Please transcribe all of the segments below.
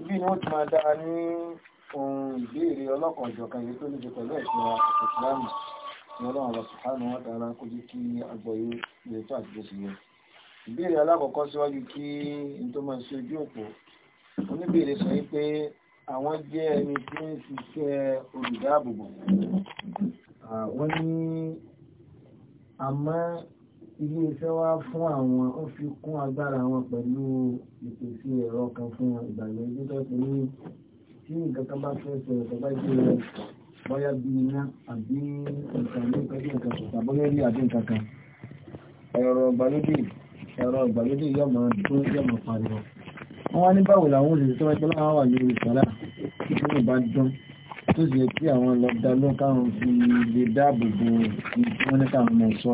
ibi ni ó ti máa dára ní ohun ìbéèrè ọlọ́kan ìjọ̀kan yìí tó ní ṣe pẹ̀lú ẹ̀sìn ìsìláàmù ní ọlọ́run lọ sùhánù wọn tààrà kó jẹ́ kí agbọ̀yé ilẹ̀ tó àti bóṣe yẹ ìbéèrè alákọ̀ọ́kọ́ síwájú kí n tó máa ṣe ojú òpó oníbéèrè sọ yìí pé àwọn jẹ́ ẹni tí ń ṣiṣẹ́ olùdáàbòbò wọ́n ní àmọ́ ilé iṣẹ́ wa fún àwọn ó fi kún agbára wọn pẹ̀lú ìpèsè ẹ̀rọ kan fún ìgbàgbọ́ ibi tó ti ní tí nǹkan kan bá fẹ́ sọ ẹ̀kọ́ bá jẹ́ rẹ̀ bóyá bí iná àbí nǹkan ní pẹ̀lú nǹkan kọ̀ọ̀kan bóyá rí àbí nǹkan kan ẹ̀rọ ìgbàlódé ẹ̀rọ ìgbàlódé yóò máa dún yóò máa pariwo wọ́n wá ní báwo làwọn òṣèlú tó wáyé pé láwọn wà lórí ìsọ̀lá tí wọ́n bá dún tó sì yẹ kí àwọn lọ́dá ló káwọn fi lè dáàbò bo ìfúnni káwọn mọ̀ sọ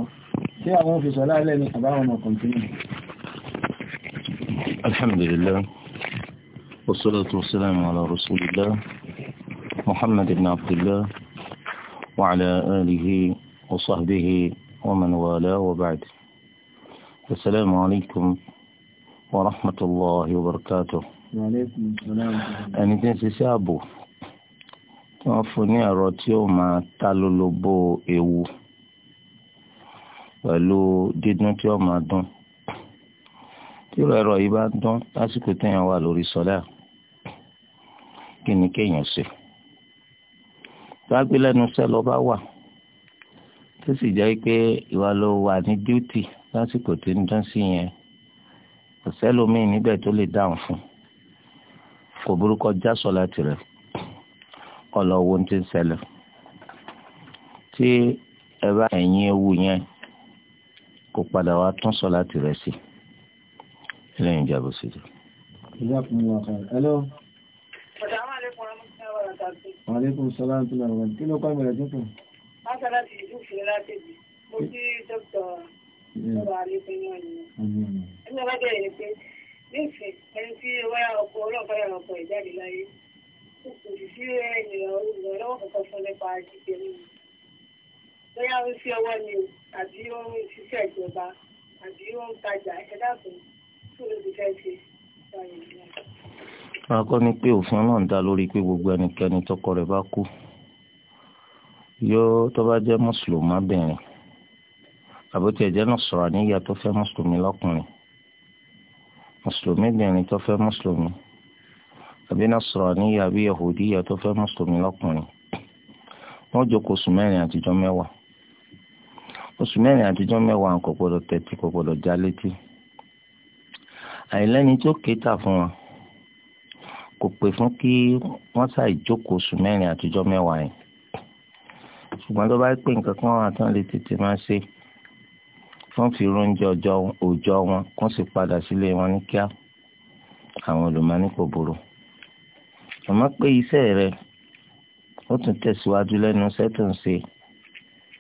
tí àwọn òfin sọ̀lá الحمد لله والصلاة والسلام على رسول الله محمد بن عبد الله وعلى آله وصحبه ومن والاه وبعد السلام عليكم ورحمة الله وبركاته وعليكم السلام أنا تنسي سابو توفني fún وما تالو لبو إيو ولو ta توما دون tí ẹ̀rọ yìí bá dán lásìkò téèyàn wà lórí sọlá kí ni kéèyàn ṣe gbàgbé lẹ́nu iṣẹ́ lọ bá wà tó sì jẹ́ pé ìwà ló wà ní díútì lásìkò tí ń dán sí yẹn kò sẹ́lòmíì níbẹ̀ tó lè dáhùn fún kò burúkọ já sọlá tirẹ̀ kọ́ lọ wo ohun ń ṣẹlẹ̀ tí ẹ bá ẹ̀yìn ewu yẹn kò padà wá tún sọlá tirẹ̀ sí i lẹ́yìn ìjà bó ṣe jẹ́. ìjà fún mi wà kàrẹ̀ hello. Àlékún sọ́lá tí lọ rọ̀. Kí ló kọ́ ìbẹ̀rẹ̀ tó kùn? Láti láti ìlú fìlẹ̀ láti bí. Mo sí dókítà ọ̀rọ̀ àlékún ní ọ̀nà. Ẹni ọba jẹ́ ìrìn pé nífẹ̀ ẹni tí wáyà ọkọ̀ ọlọ́ọ̀fẹ́ yà ọkọ̀ ìjáde láyé. Kò sì sí ẹ̀yìn ìrànlọ́wọ́ kankan fún nípa jíjẹ nínú. Bóyá ó ń fi ọwọ́ ni o, àbí ó ń ṣiṣẹ́ ìjọba, àbí ó ń tajà ẹ̀dá kan akọ́ ni pé òfin ọlọ́run dá lórí pé gbogbo ẹnikẹ́ni tọkọ rẹ̀ bá kú yóò tó bá jẹ́ mùsùlùmá bìnrin àbótiẹ̀ jẹ́ nọ̀sọ̀rọ̀ níyà tó fẹ́ mùsùlùmí lọ́kùnrin mùsùlùmí bìnrin tó fẹ́ mùsùlùmí àbí nọ̀sọ̀rọ̀ níyà bí yahudiya tó fẹ́ mùsùlùmí lọ́kùnrin wọ́n jókòó oṣù mẹ́rin àtijọ́ mẹ́wàá oṣù mẹ́rin àtijọ́ mẹ́wàá kò gbọdọ̀ tẹ́tí àìlẹ́ni tó kéta fún wọn kò pè fún kí wọ́n ṣàì jókòó oṣù mẹ́rin àtijọ́ mẹ́wàá yẹn ṣùgbọ́n tó bá pè nǹkan kan wọn àtàn lè tètè máa ṣe fún fìrún oúnjẹ òòjọ́ wọn kó sì padà sílé wọn ní kíá àwọn olùmọ̀ọ́nì kò burú àmọ́ pé iṣẹ́ rẹ̀ ó tún tẹ̀síwájú lẹ́nu iṣẹ́ tó ń ṣe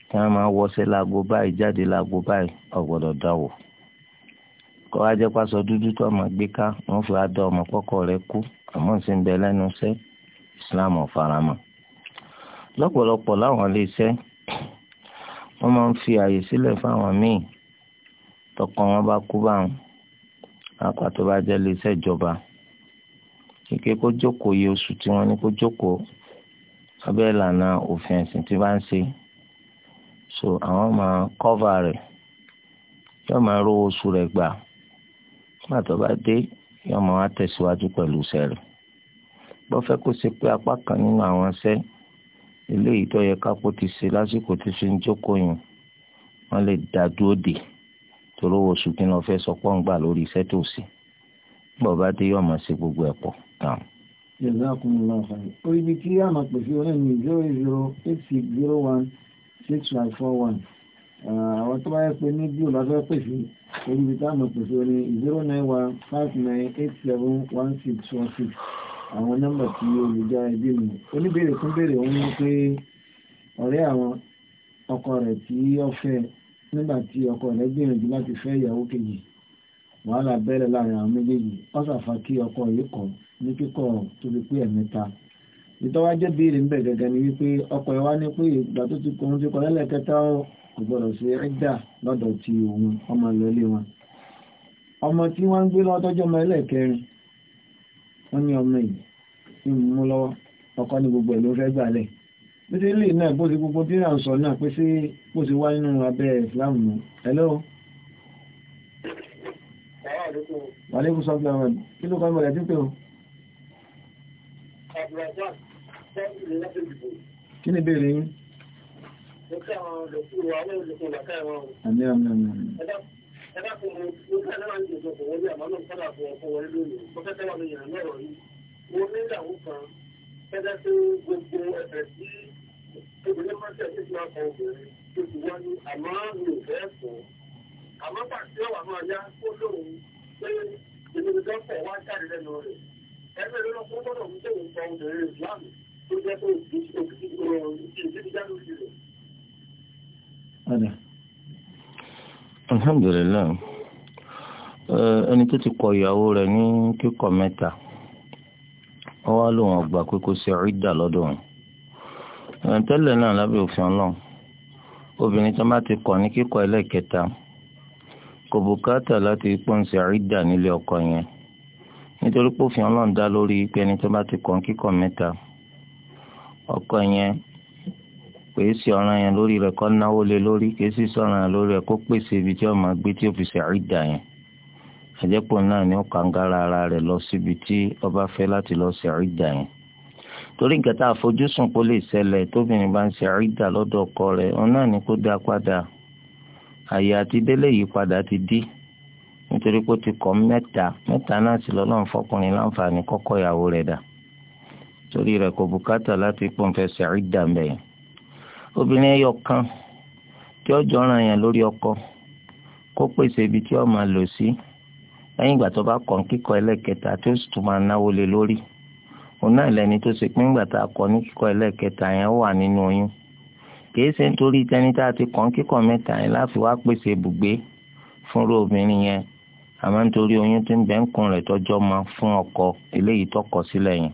kí wọ́n máa wọṣẹ́ láago báyìí jáde láago báyìí ọ̀gbọ́dọ̀ dáwọ́ kọ́ ajẹ́ pásọ dúdú tó ọmọ gbé ká wọ́n fi adọ́ ọmọ kọ́kọ́ rẹ kú àmọ́ sì ń bẹ lẹ́nu iṣẹ́ Islam ọ̀farama. lọ́pọ̀lọpọ̀ láwọn ilé iṣẹ́ wọ́n máa ń fi àyè sílẹ̀ fáwọn míì tọkọ wọn bá kú báwọn apá tó bá jẹ́ ilé iṣẹ́ ìjọba kíkẹ́ kó jókòó iye oṣù tí wọ́n ní kó jókòó abẹ́ ìlànà òfin ẹ̀sìn tí bá ń ṣe so àwọn máa kọ́va rẹ̀ yóò máa rówó oṣù rẹ̀ gbà nígbà tó bá dé yóò máa wá tẹ̀síwájú pẹ̀lú iṣẹ́ rẹ̀ bó fẹ́ kó ṣe pé apá kan nínú àwọn iṣẹ́ eléyìí tó yẹ kápó ti ṣe lásìkò tó fi ń jókòó yẹn wọ́n lè dá dúró dè torí owó oṣù kí ni wọ́n fẹ́ sọ pọ́n gbà lórí iṣẹ́ tó ṣe nígbà bá dé yóò máa ṣe gbogbo ẹ̀ pọ̀ tán. jazakumullahu khairan orí ibi tí àmọ̀ pèsè orí mi zero zero eight six zero one six five four one. Ah, àwọn tó bá yẹ pé ní bí ò bá fẹ́ pè sí orí ibi táàmù pè sí orí zero nine one five nine eight seven one six one six àwọn nọ́mbà tí olùjá ẹbí mi oníbèrè tún béèrè òun ní pé ọ̀rẹ́ àwọn ọkọ rẹ̀ tí ó fẹ́ nígbà tí ọkọ rẹ̀ gbìyànjú láti fẹ́ ìyàwó kejì wàhálà bẹ̀rẹ̀ láàrin àwọn méjèèjì ọ̀sàfà kí ọkọ yìí kọ̀ ní kíkọ̀ tó fi pé ẹ̀mẹ́ta ìtọ́wájẹ́ béèrè ń bẹ̀ gẹ́gẹ́ ni wípé ọkọ ẹ̀ wá ní pé ìgbà tó ti kọ́ ohun ti kọ́ lẹ́lẹ́kẹta ìgbọ́dọ̀ sí ẹ́dà lọ́dọ̀ ti òun ọmọ lọlé wọn ọmọ tí wọ́n ń gbé lọ́tọ́jọ́ ọmọ ẹlẹ́ẹ̀kẹrin wọ́n ní ọmọ yìí tí mo mú lọ́wọ́ ọkọ ní gbogbo ẹ̀ ló fẹ́ gbàlẹ̀ títí lè náà bó ti gbogbo tí ìràn sọ náà pé sí bó ti wá nínú abẹ́ Islam nù hello. wàlẹ́ kò sọ pé ọmọ kí ló kọ́ ọmọ rẹ̀ tí pé o. Àmì àmì àmì. Ẹgbẹ́ tí gbogbo wá ní àmọ́ mi ò fẹ́ fọ́. Àmọ́ pàṣẹ wà máa yá kó lóun pé ìdílé tó fẹ̀ wá jáde lẹ́nu rẹ̀. Ẹgbẹ́ ló lọ́kọ́ gbọ́dọ̀ ń tẹ̀wé pa obìnrin ìsìlámù tó jẹ́ pé òkú alhamdulilayi eh, ẹni tó ti kọ ìyàwó rẹ̀ ní kíkọ mẹ́ta wọ́n wá lóun ọgbà pé kó ṣe eh, náà òfin obìnrin tó ti kọ ní kíkọ kò bùkátà láti nílé ọkọ yẹn nítorí dá lórí pé ẹni tó ti kọ kíkọ ọkọ yẹn kò sí ọ̀ràn yẹn lórí rẹ̀ kọ́ náwó lé lórí kò sí sọ̀ràn yẹn lórí rẹ̀ kó pèsè ibi tí ó gbé tí ó fi ṣàrídà yẹn àjẹpọ̀ náà ni ó ara rẹ̀ lọ síbi tí ọba fẹ́ láti lọ ṣàrídà yẹn torí nǹkan tá a fojúsùn kó lè ṣẹlẹ̀ tóbìnrin bá ń ṣàrídà lọ́dọ̀ ọkọ rẹ̀ òun náà ni kó padà ti dí nítorí pé ó ti kọ́ mẹ́ta mẹ́ta náà sì lọ́lọ́run fọkùnrin láǹfààní kọ́kọ́ ìyàwó rẹ̀ dà torí rẹ̀ kò bùkátà láti pọ́nfẹ́ mẹ́yìn obìnrin ẹyọ kan tí ọjọ́ ràn yàn lórí ọkọ kó pèsè ibi tí ó máa lò sí lẹ́yìn ìgbà tó bá kọ́ kíkọ ẹlẹ́kẹta tí ó sì tún máa náwó lé lórí òun náà lẹni tó ṣe pé ńgbà tá a kọ́ ní kíkọ ẹlẹ́kẹta yẹn wà nínú oyún kìí ṣe nítorí tẹni tá a ti kọ́ kíkọ mẹ́ta yẹn láfi wá pèsè ibùgbé fúnra obìnrin yẹn àmọ́ nítorí oyún tí ń bẹ ń kun rẹ̀ tọ́jọ́ mọ́ fún ọkọ eléyìí tọkọ sílẹ̀ yẹn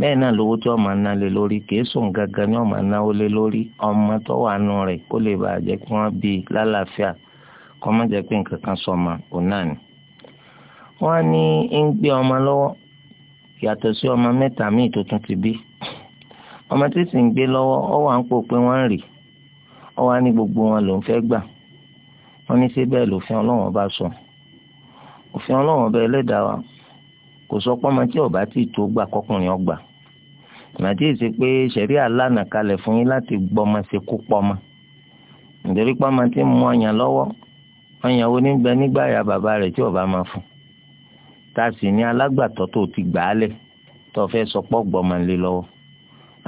bẹ́ẹ̀ náà lówó tí ọmọ aná lé lórí kìí sùn gangan ni ọmọ ó lé lórí ọmọ tó wà nù rẹ̀ ó lè bàa jẹ́ kí wọ́n bí lálàáfíà kọ́ má jẹ́ pé nǹkan kan sọmọ òun náà ni. wọ́n á ní ń gbé ọmọ lọ́wọ́ yàtọ̀ sí ọmọ mẹ́ta míì tó tún ti bí ọmọ tí sì ń gbé lọ́wọ́ ọ wà ń pò pé wọ́n ń rì ọ wà ní gbogbo wọn ló ń fẹ́ gbà wọ́n ní ṣé bẹ́ẹ̀ lòfin ọlọ́wọ́n bá sọ òfin ọlọ́wọ́n bẹ́ẹ̀ lẹ́dàá wa kò sọ pé ọmọ tí ọba tí tó gbà kọkùnrin ọgbà màtí èsì pé ṣẹ̀rí àlànà kalẹ̀ fún yín láti gbọ́mọ ṣe kó pọ́mọ nítorí pé ọmọ tí ń mú ọyàn lọ́wọ́ ọyàn wo ní bẹ nígbà ya bàbá rẹ̀ tí ọba máa fún tá a sì ní alágbàtọ́ tó ti gbà á lẹ̀ tó fẹ́ sọ pọ́ gbọ́mọ lé lọ́wọ́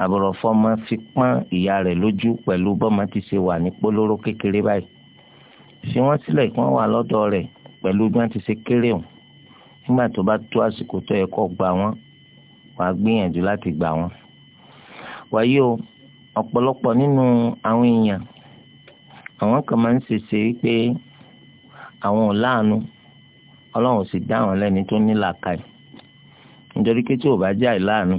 àbúrò fọmọ fi pọ́n ìyá rẹ̀ lójú pẹ̀lú bọ́mọ ti ṣe wà ní polówó kékeré báyìí fi wọ́n sílẹ̀ kí wọ́n wà lọ́dọ̀ rẹ̀ pẹ̀lú bí wọ́n ti ṣe kéré hàn nígbà tó bá tó àsìkò tó yẹ kó gbà wọ́n wàá gbìyànjú láti gbà wọ́n. wàyí o ọ̀pọ̀lọpọ̀ nínú àwọn èèyàn àwọn kan máa ń ṣèṣe wípé àwọn ò láàánú ọlọ́run sì dá àwọn lẹ́ni tó ní làákàyè nítorí pé tí ò bá jẹ́ àìláàánú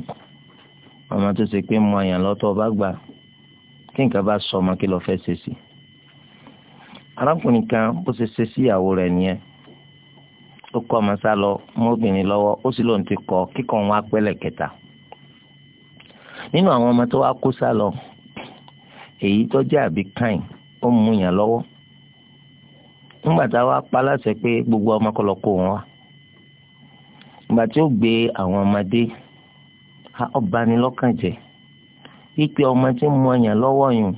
ọmọ tó ṣe pé mọ àyàn lọ́tọ̀ ọba gbà tí nǹkan bá sọ ọmọ kí lọ́ọ́ fẹ́ ṣe sí arákùnrin kan bó ṣe ṣe síyàwó rẹ̀ nìyẹn tó kọ́ ọmọ sá lọ mọ́bìnrin lọ́wọ́ ó sì lóun ti kọ́ kíkọ́ wọn apẹ́lẹ̀ kẹta nínú àwọn ọmọ tó wá kó sá lọ èyí tó jẹ́ àbí kain ó mú yàn lọ́wọ́ nígbà tá a wá pa láṣẹ pé gbogbo ọmọ kọ́ lọ kó wọn wá ìgbà tí ó gbé àwọn ọmọdé ọba ni lọ́kàn ọmọ tí mú ọyàn lọ́wọ́ yùn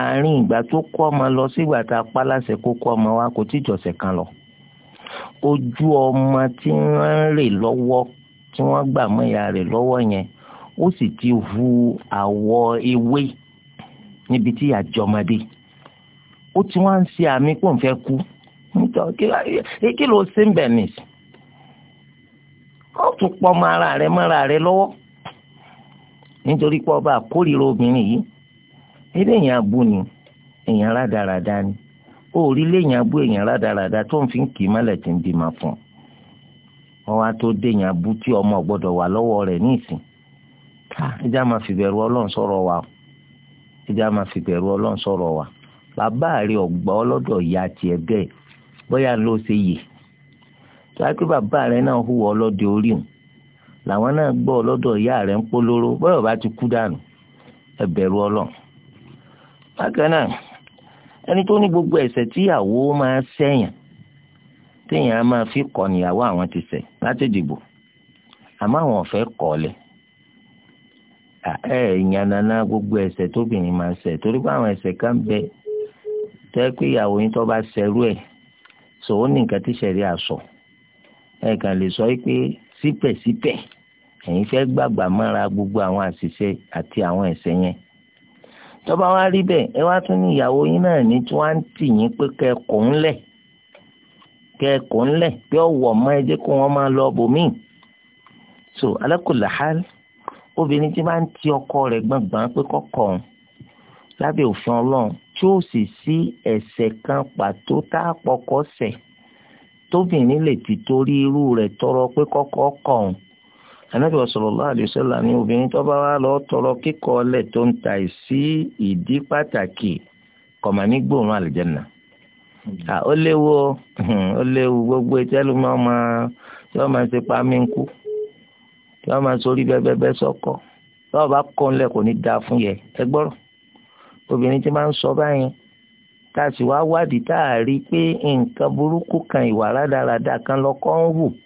àárín ìgbà tó kó ọmọ lọ sígbà tá a pa láṣẹ kó kó ọmọ wa kò tí kan lọ ojú ọmọ tí wọ́n ń rè lọ́wọ́ tí wọ́n gbà mọ́ ìyá rẹ̀ lọ́wọ́ yẹn ó sì ti hu àwọ̀ ewé níbi tí àjọmọdé ó ti wá ń ṣe àmì pò ń fẹ́ kú nítorí kí ló ṣe ń bẹ̀ mí ó tún pọ̀ mọ́ ara rẹ̀ mọ́ ara rẹ̀ lọ́wọ́ nítorí pé ọba àkórìíra obìnrin yìí ebi èèyàn abú èèyàn rádaràda ni orile léèyàn abú èèyàn rádaràda tó ń fi kì í mọ́lẹ̀ tí ń bímọ fún un wá tó déèyàn abú tí ọmọ wà lọ́wọ́ rẹ̀ ní ìsìn ẹjá máa fi bẹ̀rù ọlọ́run sọ̀rọ̀ wa ẹjá máa fi bẹ̀rù ọlọ́run sọ̀rọ̀ wa bàbá rẹ̀ ọ̀gbà ya tiẹ̀ bẹ́ẹ̀ bóyá ló ṣe yè tó a pé bàbá rẹ̀ náà hùwà ọlọ́dẹ orí hùn làwọn náà gbọ́ ọlọ́dọ̀ ìyá rẹ̀ ń polówó bóyá ọba ti kú dànù ẹ bẹ̀rù ọlọ́run bákan náà ẹni tó ní gbogbo ẹ̀ṣẹ̀ tíyàwó máa ṣẹ̀yàn téèyàn á máa fi kọ̀ níyàwó àwọn ti ṣẹ̀ láti dìbò àmọ́ àwọn ọ̀fẹ́ kọ̀ lẹ̀ ẹ̀ ìyànnànà gbogbo ẹ̀ṣẹ̀ tóbìnrin máa ṣẹ̀ torí pé àwọn ẹ̀ṣẹ̀ kan bẹ tẹ́ pé ìyàwó yín tó bá ṣerú ẹ̀ sòwò ní nǹkan tí ṣẹ̀rí àṣọ ẹ̀ kàn lè sọ pé sípẹ̀sípẹ̀ ẹ̀yin fẹ́ gbàgbà mọ́ra gbogbo àwọn àṣìṣe àti àwọn ẹ̀ṣẹ̀ yẹn tọ́ba wá rí bẹ́ẹ̀ ẹ wá tún ní ìyàwó yín náà ní tí wọ́n á tì yín pé kẹ́ẹ̀kọ́ ńlẹ̀ kẹ́ẹ̀kọ́ ńlẹ̀ pé ọ̀wọ̀ mọ́ ẹ jẹ́ kó wọ́n máa lọ bòmíì so alákòlàhálì obìnrin tí máa ń ti ọkọ rẹ̀ gbọ̀ngbọ̀n pé kọ́kọ́ lábẹ́ òfin ọlọ́run tí ó sì sí ẹ̀ṣẹ̀ kan pàtó tá a pọkọ ṣẹ̀ tóbìnrin lè ti torí irú rẹ̀ tọrọ pé kọ́kọ́ kọ̀ ànábì sallallahu alaihi wasallam ní obìnrin tó bá wá lọ tọrọ kíkọ ọlẹ̀ tó ń ta sí ìdí pàtàkì kọ̀mọ̀ ní gbòòrùn àlìjẹ́nà hmm. ó léwu ó léwu gbogbo ìtẹ́lùmọ́ máa tí wọ́n máa ṣe pa mí ń kú tí wọ́n máa sórí bẹ́ẹ̀bẹ́ẹ́ sọ́kọ̀ tí wọ́n bá kọ́ ńlẹ̀ kò ní da fún yẹ ẹ gbọ́rọ̀ obìnrin tí máa ń sọ báyẹn tá a sì wá wádìí tá a rí i pé nǹkan burúkú kan ìwà rádaràda kan lọ́kọ́ ń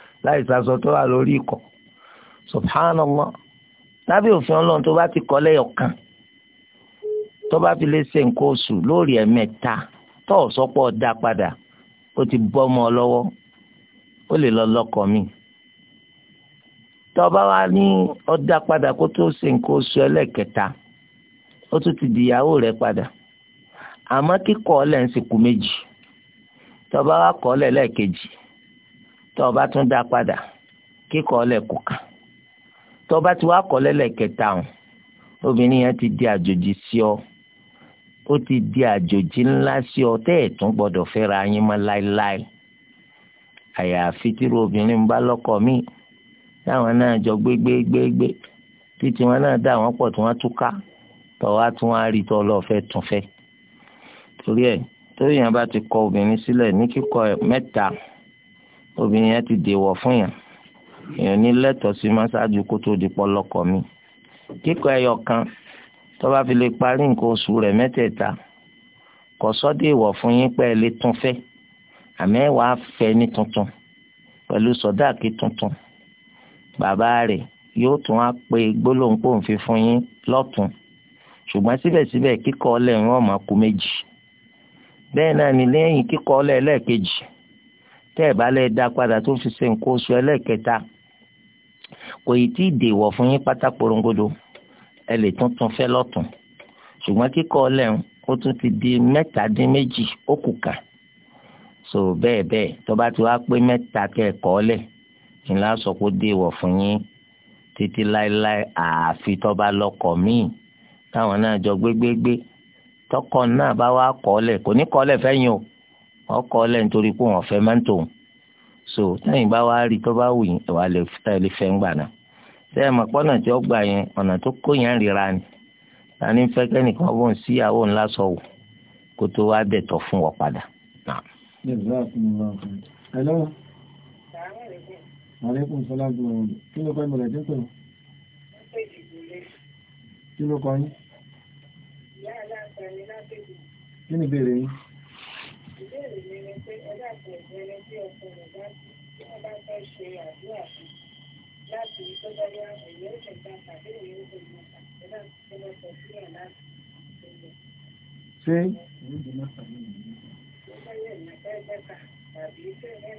láì sasọ tó wà lórí ikọ̀ subhanallah lábẹ́ òfin ọlọ́run tó bá ti kọ́ lẹ́yọ̀ kan tó bá fi lè ṣe nǹkan oṣù lórí ẹ̀mẹ́ta tó ò dá padà ó ti bọ́ ọmọ lọ́wọ́ ó lè lọ lọ́kọ̀ mi tó bá wá ní ọ̀dá padà kó tó ṣe nǹkan oṣù ẹlẹ́kẹta ó tún ti dìyàwó rẹ̀ padà àmọ́ kíkọ́ ọ̀lẹ́ ń sìnkú méjì tó bá wá kọ́ ọ̀lẹ́ lẹ́ẹ̀kejì tó o bá tún dá padà kíkọ́ ọ lẹ́kọ̀ọ́ kan tó o bá ti wá kọ́ lẹ́lẹ́kẹta ọ̀hún obìnrin yẹn ti di àjòjì sí ọ ó ti di àjòjì ńlá sí ọ tẹ́ ẹ̀ tún gbọ́dọ̀ fẹ́ra yín mọ́ láéláé àyàfi tíru obìnrin ń bá lọ́kọ mi táwọn náà jọ gbégbégbégbé títí wọn náà dá wọn pọ̀ tí wọ́n túká tọ́wá tí wọ́n á rí tọ́ lọ́ọ́ tún fẹ́ torí ẹ̀ tóyìn bá ti kọ obìnrin sílẹ̀ ní kíkọ mẹ́ta obìnrin yẹn ti dèwọ̀ fún yàn èèyàn ní lẹ́tọ̀ọ́ sí máa ṣáájú kó tó di pọlọkọ mi kíkọ ẹyọ kan tó bá fi lè parí nǹkan oṣù rẹ̀ mẹ́tẹ̀ẹ̀ta kò sọ́dọ̀ ìwọ̀ fún yín pé ẹ lè tún fẹ́ àmọ́ ẹ wàá fẹ́ ní tuntun pẹ̀lú sọ́dáàkì tuntun bàbá rẹ̀ yóò tún á pe gbólóhùn pò fún yín lọ́tún ṣùgbọ́n síbẹ̀síbẹ̀ kíkọ́ ọlẹ́rìn ọ̀mọ́kú méjì bẹ́ẹ̀ náà ni lẹ́yìn kíkọ́ ọlẹ́ lẹ́ẹ̀kejì tẹ́ ẹ̀ bá lẹ́ dá padà tó fi ṣe nǹkan oṣù ẹlẹ́ẹ̀kẹta kò yìí tí ì dèwọ̀ fún yín pátá porongodo ẹ lè tuntun fẹ́ lọ́tún ṣùgbọ́n kíkọ́ ọlẹ́run ó tún ti di mẹ́ta dín méjì so bẹ́ẹ̀ bẹ́ẹ̀ tó bá ti wá pé mẹ́ta tẹ́ ẹ̀ kọ́ ọlẹ̀ ńlá sọ pé dèwọ̀ fún yín títí láéláé àfi tó bá lọ́kọ míì táwọn náà jọ gbégbégbé tọkọ náà bá wá kọ́ ọlẹ̀ kò ní kọ́ ọlẹ̀ fẹ́yìn o wọ́n kọ́ lẹ́yìn torí pé wọ́n fẹ́ máa ń tòun so tẹ́yìn bá wá rí tó bá wù yín ẹ̀wà lè fẹ́ ń gbà náà tẹ́yìn mọ̀ pọ́nà tí ó gbà yẹn ọ̀nà tó kó yẹn ríra ni tani fẹ́ kẹ́nìkan bó ń síyàwó ńlá sọ wò kó tó wá dẹ̀tọ̀ fún wọ padà. Hello. Aleykum salaam tó rọrùn. Kí ló kọ́ ìmọ̀lẹ̀ tí ń pẹ̀lú? Kí Kí ni ìbéèrè yín? dàpọ̀ ìbẹ̀rẹ̀ tí ọkọ rẹ̀ bá tí wọ́n bá fẹ́ ṣe àdúrà fún láti tó bá yá èyí ó ṣe gbà tàbí èyí ó ṣe gbà tàbí láti tó bá sọ sílẹ̀ láti ṣe lọ. ṣé tàbí tó bá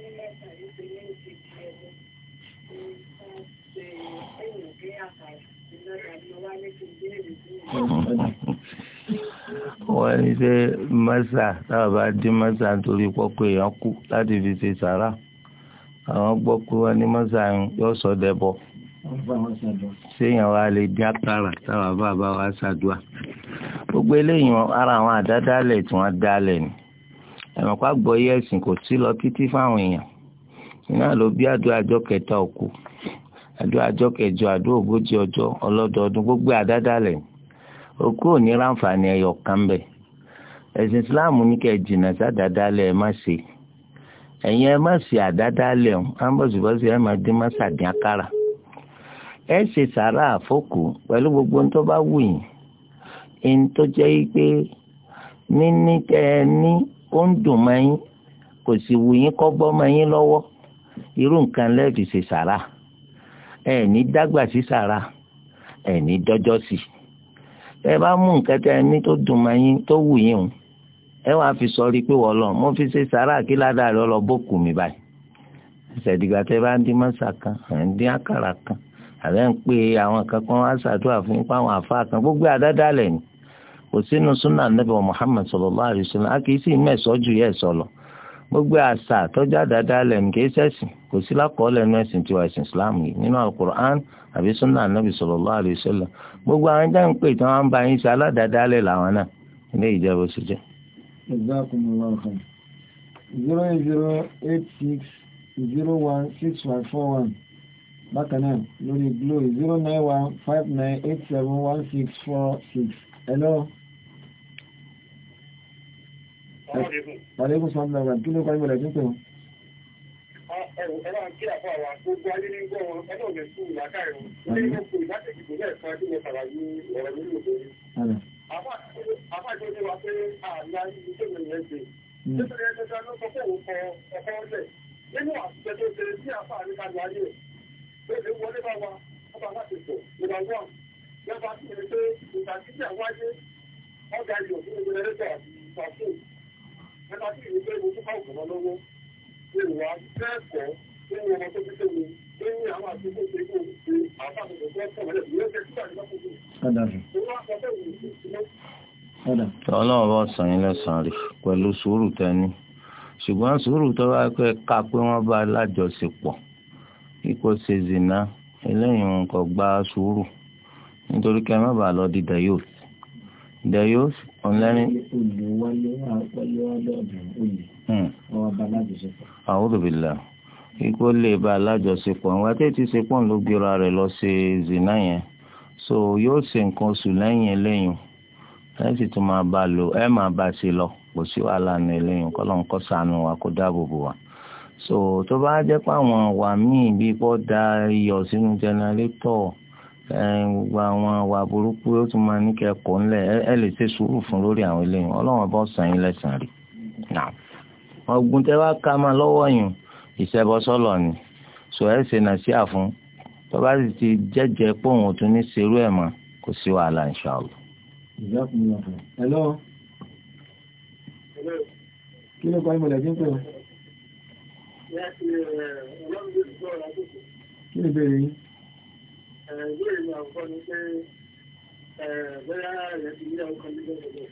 ní mẹ́ta yìí ti ní ìṣèjì ẹ̀rọ ní ká ṣe ẹ̀yìn kí àkàrà wọ́n ní ṣe mẹ́sà táwọn bá dín mẹ́sà nítorí pọ́pọ́ èèyàn kú láti fi ṣe sàrà àwọn gbọ́ pé wọ́n ní mẹ́sà yóò sọ dẹ́bọ̀ séèyàn wa lè dín àkàrà táwọn bàbá wa ṣàdúrà gbogbo eléyìí ara àwọn àdádálẹ̀ tí wọ́n dálẹ̀ ni ẹ̀mọ̀pá gbọ́ yẹ̀sìn kò sí lọ títí fáwọn èèyàn iná ló bí àdúrà àjọ kẹta òkú àdúrà ọjọ́ kẹjọ àdúrà ogójì ọjọ́ ọlọ́dọọdún gbogbo àdádálẹ̀ òkú ò ní ráǹfààní ẹyọ kan bẹ̀ ẹ̀sìn Islamu ní kẹ́ jìnnà sádàdálẹ̀ ẹ má ṣe ẹ̀yin ẹ má ṣe àdádálẹ̀ ọ̀hún ambọ̀sibọ́sì ẹ má dín má ṣàdín àkàrà ẹ ṣe sàrà àfọkù pẹ̀lú gbogbo ohun tó bá wù yín ẹni tó jẹ́ pé níní tẹ ẹ ní ó ń dùn mọ́ yín kò sì wù yín kọ́ bọ́ mọ́ yín lọ́wọ́ irú nǹkan lẹ́ẹ̀fì ṣe sàrà ẹni ní dágbà sí sàrà ẹ ní dọ́jọ́ sí ẹ bá mú nǹkan tẹ ní tó dùn mọ́ yín tó wù yín o ẹ wàá fi sọrí pé lọ mo fi ṣe sàrà kí ládàá rẹ lọ mi báyìí ṣèdìgbà tẹ bá ń dín mọ́sà kan ẹ̀ ń dín kan àbẹ́ ń pe kankan wá ṣàdúrà fún kan gbogbo àdáda kò sínú Muhammad a kì í sì yẹ́ sọ lọ. gbogbo àṣà tọ́jà dáadáa lẹ́nu kì í ṣẹ̀sìn kò sí lákọọ́lẹ̀ nínú ẹ̀sìn tiwa ẹ̀sìn islam yìí nínú alukur'an àbí sunna anabi sallallahu alaihi wasallam gbogbo àwọn ẹja ń pè tí wọ́n bá yín ṣe aládàádáa lẹ̀ làwọn náà ilé ìjẹ́bù sí jẹ́. zero eight zero eight six zero one six one four one bákan náà lórí glo zero nine one five nine eight seven one six four six hello. Àlékún sọ́nà rẹ̀ kí ló kọ́ ìmọ̀lẹ̀ tó tẹ̀wọ̀n? Ẹ̀wọ̀n kí àpá àwọn gbogbo ayé ní gbọ́ wọn, ẹgbẹ́ òjò sí ìlàkàrẹ̀ wọn. Ilé ìgbòkò ìlàkàrẹ̀ ìgbòkò lẹ́ẹ̀kan tí mo ṣàlàyé ọ̀rọ̀ lórí òṣèré. Àpá ìjọba wa pé àlá ìṣẹ́ ìrìnlẹ̀ ṣe. Nítorí ẹgbẹ́ ló sọ pé tó ṣe sí àpá àríkàlù ayé rẹ̀, ó lè wọlé bá wa, ó bá láti pọ̀, ìgbà wọn. Yọba sí ẹni pé ìtàkìtì nípa tí ìlú fẹ́ ojú ká ìgbọ̀nmọ́ lọ́wọ́ ṣe wà kẹ́kọ̀ọ́ nínú ọmọ tó ti tẹ́lu lẹ́yìn àwọn àtúntò tó kó ṣe àbábọ̀dọ̀ tó kọ̀ mọ́lẹ̀ ìwé tẹ́ sígbà nípa kókó. ṣùgbọ́n sùúrù tó bá pẹ́ ká pé wọ́n bá lájọṣepọ̀ kíkó ṣe zìnà eléyìí nǹkan gba sùúrù nítorí kẹ́ ẹ má lọ dídà yóò dayos ọ̀nlẹ́rin. Hmm. a'udhu billah ikú lè ba alájọṣepọ̀ àwọn atẹ́tíṣepọ̀ ló gbéra rẹ̀ lọ ṣe zina yẹn so yóò ṣe nǹkan oṣù lẹ́yìn máa máa lọ kò sí wàhálà ní eléyìn ń kọ́ sànù wa so tó bá jẹ́ pé àwọn bí da iyọ̀ sínú jẹnẹrétọ̀ gbogbo àwọn àwà burúkú ó tún máa ní kẹ́kọ̀ọ́ ńlẹ̀ ẹ lè ṣe sùúrù fún lórí àwọn eléyìí ọlọ́run bọ́ sàn yín lẹ́sàn-án rí. ọ̀gùn tẹ wá ká máa lọ́wọ́ yùn ìṣẹ́bọsọ́lọ̀ ni sọ ẹ́ ṣe nà sí àfún tó bá sì ti jẹ́jẹ́ pé òun ò tún ní serú ẹ̀ mọ́ kò sí wàhálà ìṣàlù. hello kí ló kọ́ ìmọ̀lẹ̀ uh, kí ni ìbéèrè yín ìbéèrè mi àkọ́kọ́ ni pé bóyá ẹ̀yẹ́ ti níyàwó kan nígbà gbogbo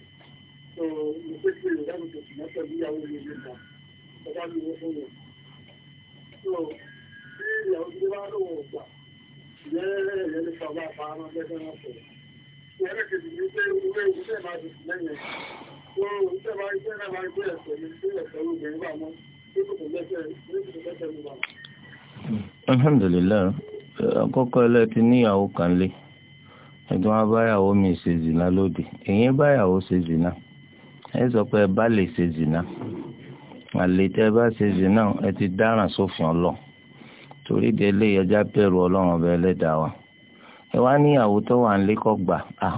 so mo pé kí èrò dáàbò tó sì mọ́ ìyàwó mi nígbà ọba mi wọ́n fún mi so tí ìyàwó tí wọ́n lò wọ̀ gbà ìyẹn ẹ̀yẹ́ lè fa àpamọ́ lẹ́sẹ̀ náà pọ̀ ìyẹn lè kejì ní pé ìwé iṣẹ́ máa ti sì lẹ́yìn so iṣẹ́ máa iṣẹ́ náà máa gbé ẹ̀sẹ̀ mi sí ẹ̀sẹ̀ olùgbẹ̀rún bá mọ́ Alhamdulillah àkọ́kọ́ ẹlẹ́ ti níyàwó kan lé ẹ̀dùn abáyàwó mi ṣe zìnà lóde èyí báyàwó ṣe zìnà ẹ sọ pé ẹ bá lè ṣe zìnà àlè tẹ bá ṣe zìnà ẹ ti dáràn sófin ọlọ torí de ilé ẹja bẹ̀rù ọlọ́run ọbẹ ẹlẹ́dàá wa ẹ wá níyàwó tó wà ń lé kọ gbà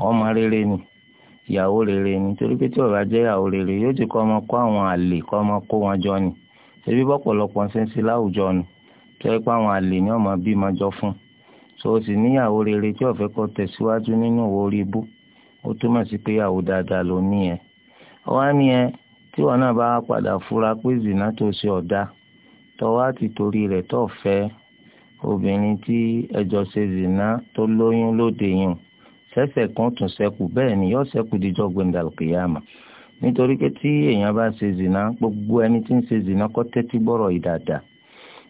ọmọ rere ni ìyàwó rere ni torí pé tí ọba jẹ́ ìyàwó rere yóò ti kọ́ ọmọ kó àwọn àlè kọ́ ọmọ kó wọn jọ ni ṣebí bọ́pọ̀lọpọ̀ ṣe ń ṣe láwùjọ ni tó pé àwọn àlè ni ọmọ bíi máa jọ fún so o sì níyàwó rere tí ọ̀fẹ́ kọ́ tẹ̀síwájú nínú ìwọ orí ibú ó túmọ̀ sí pé ìyàwó dáadáa ló ní ẹ ọwá ni ẹ tí wọn náà bá padà fura pé zina tó ṣe ọ̀dà tọ́wá ti torí rẹ̀ tó fẹ́ obìnrin tí ẹjọ́ ṣe zina tó lóyún lóde yìí sẹ́sẹ̀ kan tún ṣẹ́kù bẹ́ẹ̀ ni yóò ṣẹ́kù díjọ́ gbẹ̀ndàlùkìyàmà nítorí pé tí èèyàn bá ṣe zina gbogbo ẹni tí ń ṣe zina kọ́ tẹ́tí gbọ́rọ̀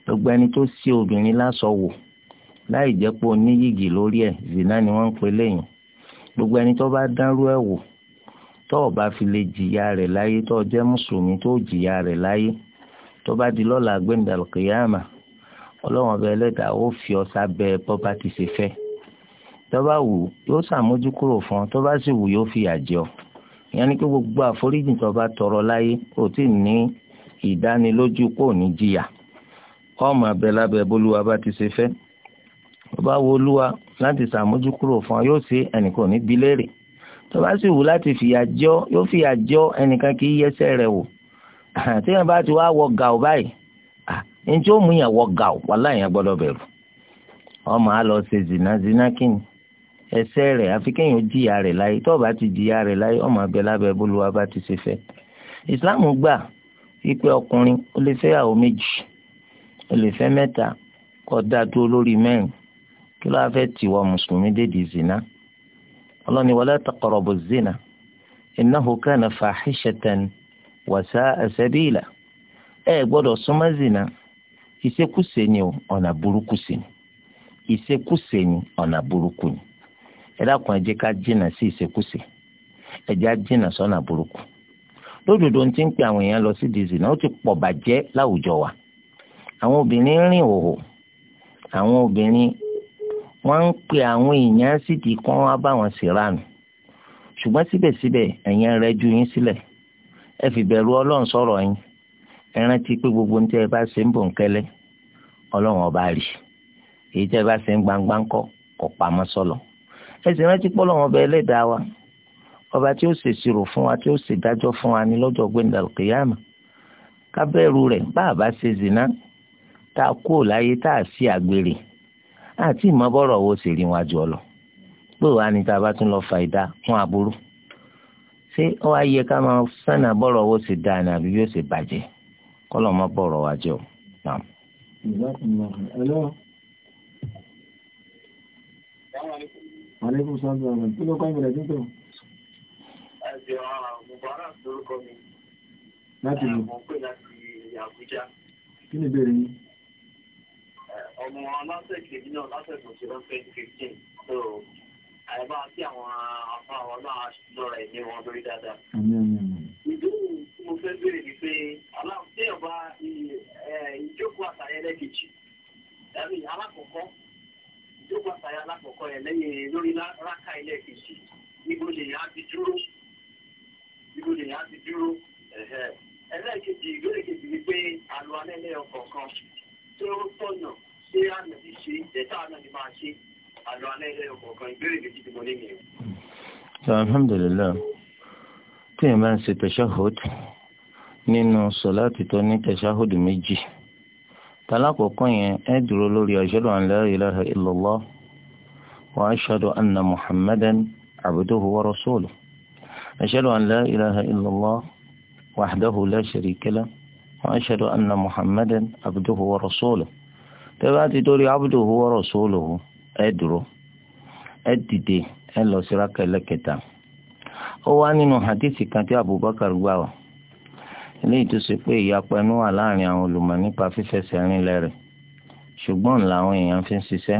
gbogbo ẹni tó sí obìnrin lásọ wò láì jẹ́ pé o ní yìgì lórí ẹ̀ zina ni wọ́n ń pè léyìn gbogbo ẹni tó bá dánrú ẹ̀ wò tó o bá fi lè jìyà rẹ̀ láyé tó o jẹ́ mùsùlùmí tó o jìyà rẹ̀ láyé tó bá di lọ́la gbẹ̀ndàlùkìyàmà ọlọ́wọ́n bẹ ẹlẹ́dàá ó fi ọ sábẹ́ bọ́ bá ti ṣe fẹ́ tó bá wù yóò ṣàmójú fún ọ tó bá sì wù yóò fìyà jẹ ọ ìyẹn ni pé gbogbo àforíjì tó bá tọrọ láyé kò tí ì ní ìdánilójú kò ní jìyà ọmọ abẹ lábẹ́ bolúwa bá ti ṣe fẹ́ tó bá wo olúwa láti ṣàmójúkúrò fún ọ yóò ṣe ẹnìkan ní bilérì tó bá sì wù láti fìyà jọ yóò fìyà jọ ẹnìkan kì í yẹsẹ̀ rẹ̀ wò téèyàn bá ti wá wọ gàù báyìí njẹ́ ó mú yàn wọ gàù wàláhì yẹn gbọ́dọ̀ bẹ̀rù ọmọ á lọ ṣe zina zina kíni ẹ̀ṣẹ̀ rẹ̀ àfi kéèyàn jìyà rẹ̀ láyé tó bá ti jìyà rẹ̀ láyé ọmọ abẹ lábẹ́ bolúwa bá ti ṣe fẹ́ ìsìláàmù gbà wípé ọkùnrin ó lè fẹ́yàwó méjì o lè fẹ́ mẹ́ta kọ́ da dúró lórí mẹ́rin kí ló wá fẹ́ mùsùlùmí dédì zina ọlọ́ni wala taqrabu zina innahu kana fahishatan wa sa'a sabila ẹ gbọ́dọ̀ súnmọ́ zina ìṣekúṣe ni ọ̀nà burúkú sí ni ìṣekúṣe ni ọ̀nà burúkú ni ẹ dákun ẹ jẹ́ ká jìnnà sí ìṣekúṣe ẹ jẹ́ á burúkú lódodo ti ń pe àwọn èèyàn lọ sí di zina ó ti pọ̀ bàjẹ́ láwùjọ wa àwọn obìnrin rìn òhò àwọn obìnrin wọ́n ń pe àwọn èèyàn sídìí kán wá bá wọn sì ránù ṣùgbọ́n síbẹ̀síbẹ̀ ẹ̀yin rẹ̀ ju yín sílẹ̀ ẹ fi bẹ̀rù ọlọ́run sọ̀rọ̀ yín ẹ rántí pé gbogbo ní tẹ́ ẹ bá ṣe ń bòńkẹ́lẹ́ ọlọ́run ọba rì èyí tẹ́ ẹ bá ṣe ń gbangba ńkọ́ kò pamọ́ sọ́lọ̀ ẹ sì rántí pé ọlọ́run ọba ẹlẹ́dàá wa ọba tí ó ṣèṣirò fún wa tí ó ṣèdájọ́ fún wa ní lọ́jọ́ gbẹ̀ndàlùkìyàmà ká bẹ̀rù bá a bá ṣe zìnà tá a kó láyé tá a sí àgbèrè àti ìmọ̀bọ̀rọ̀ wo sì rí wájú ọ lọ pé wàá ní tá a bá tún lọ fa ìdá fún aburú ṣé ó wá yẹ ká máa sànà bọ̀rọ̀ wo sì dáa ní àbí yóò sì bàjẹ́ kọ́lọ̀ mọ́ bọ̀rọ̀ wájú ọ. Àlékún sáájú ọ̀rọ̀ tí ló kọ́ ìbẹ̀rẹ̀ títọ̀. Ẹ̀jẹ̀ ọ̀rọ̀ Mubarak lórúkọ mi. Láti lò. Àwọn ọmọ pé láti Àbújá. Kí ni ìbéèrè yín? ọmọ aláṣẹ kejì náà láṣẹ tó ti fifteen so àyẹ̀bá sí àwọn afáwọn náà lọ́ra ẹ̀mí wọn lórí dáadáa. ń ṣe tashahud nínú sọláàtì tó ní tashahud méjì tàlákọ̀ọ́kọ́ yẹn ẹ dúró lórí ashhadu an la ilaha illallah wa ashhadu anna muhammadan abduhu wa rasuluhu ashhadu an la ilaha illallah wahdahu la sharika lah wa ashhadu anna muhammadan abduhu wa rasuluhu tẹ́lá ti torí abduhu wa rasuluhu ẹ dúró ẹ dìde ẹ lọ sí rákà ó wá nínú hadithi kan tí Abubakar gbà wá eléyìí tó ṣe pé ìyapa ẹnu wà láàrin àwọn olùmọ̀ nípa fífẹsẹ̀ rinlẹ̀ rẹ̀ ṣùgbọ́n làwọn èèyàn fi ń ṣiṣẹ́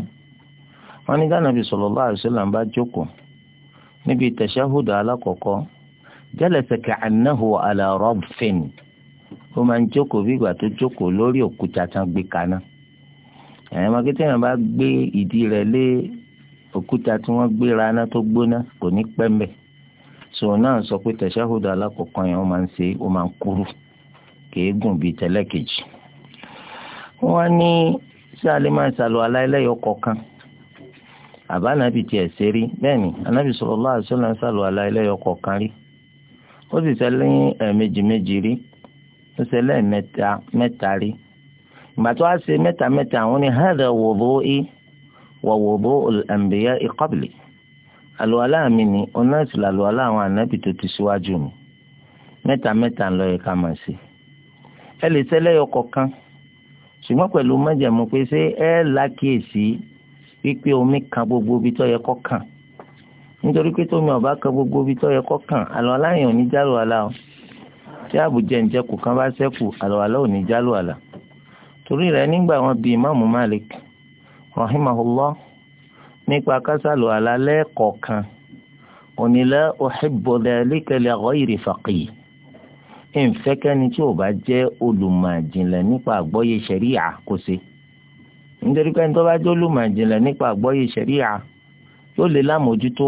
wọn ní gánàbí sallallahu alaihi wasallam bá jókòó níbi tashahhud alákọ̀ọ́kọ́ jalasa ka'annahu ala radfin ó máa ń jókòó bí ìgbà tó jókòó lórí òkúta tán gbé kaná ẹ̀yìn máa yẹn bá gbé ìdí rẹ̀ lé òkúta tí wọ́n gbéra náà tó gbóná kò ní pẹ́ mbẹ́ so náà sọ pé tẹ̀síáhùdù alákọ̀ọ́kan yẹn wọ́n máa ń ṣe ó máa ń kúrú kìí bíi tẹ́lẹ̀kejì. wọ́n ní ṣé a aláìlẹ́yọ̀ kọ̀ọ̀kan àbá nàbì tiẹ̀ ṣe rí bẹ́ẹ̀ ni anábì sallallahu alaihi wasallam aláìlẹ́yọ̀ kọ̀ọ̀kan rí ó sì ṣẹlẹ̀ ẹ̀ẹ̀mejì méjì rí ó ṣẹlẹ̀ mẹ́ta mẹ́ta rí ìgbà tó àlùwàlá mi ni ọ̀nà ìsìlẹ̀ àlùwàlá àwọn ànábì tó ti síwájú mi mẹ́ta mẹ́ta ń lọ yẹ ká máa ṣe ẹ lè ṣẹlẹ̀ ọkọ kan ṣùgbọ́n pẹ̀lú májẹ̀mú pé ṣé ẹ lákìyèsí wípé omi kan gbogbo ibi tó yẹ kó kàn nítorí pé tómi ọ̀bá kan gbogbo ibi tó yẹ kó kàn àlùwàlá yẹn ò ní jálù àlá o tí àbújá ìjẹkù kan bá ṣẹ́kù àlùwàlá ò ní jálù àlá torí rẹ̀ nígbà wọn bíi Imáàmù Malik rahimahullah nípa kásálù àlálẹ́ kọ̀ọ̀kan onílẹ uhibbu dhalika li ghayri faqih ìfẹkẹni tí ò bá jẹ olùmọ̀jìnlẹ̀ nípa àgbọ́yé ṣẹríà kò sí nítorí pé ní tó bá jẹ olùmọ̀jìnlẹ̀ nípa àgbọ́yé ṣẹríà yóò lè lámòjútó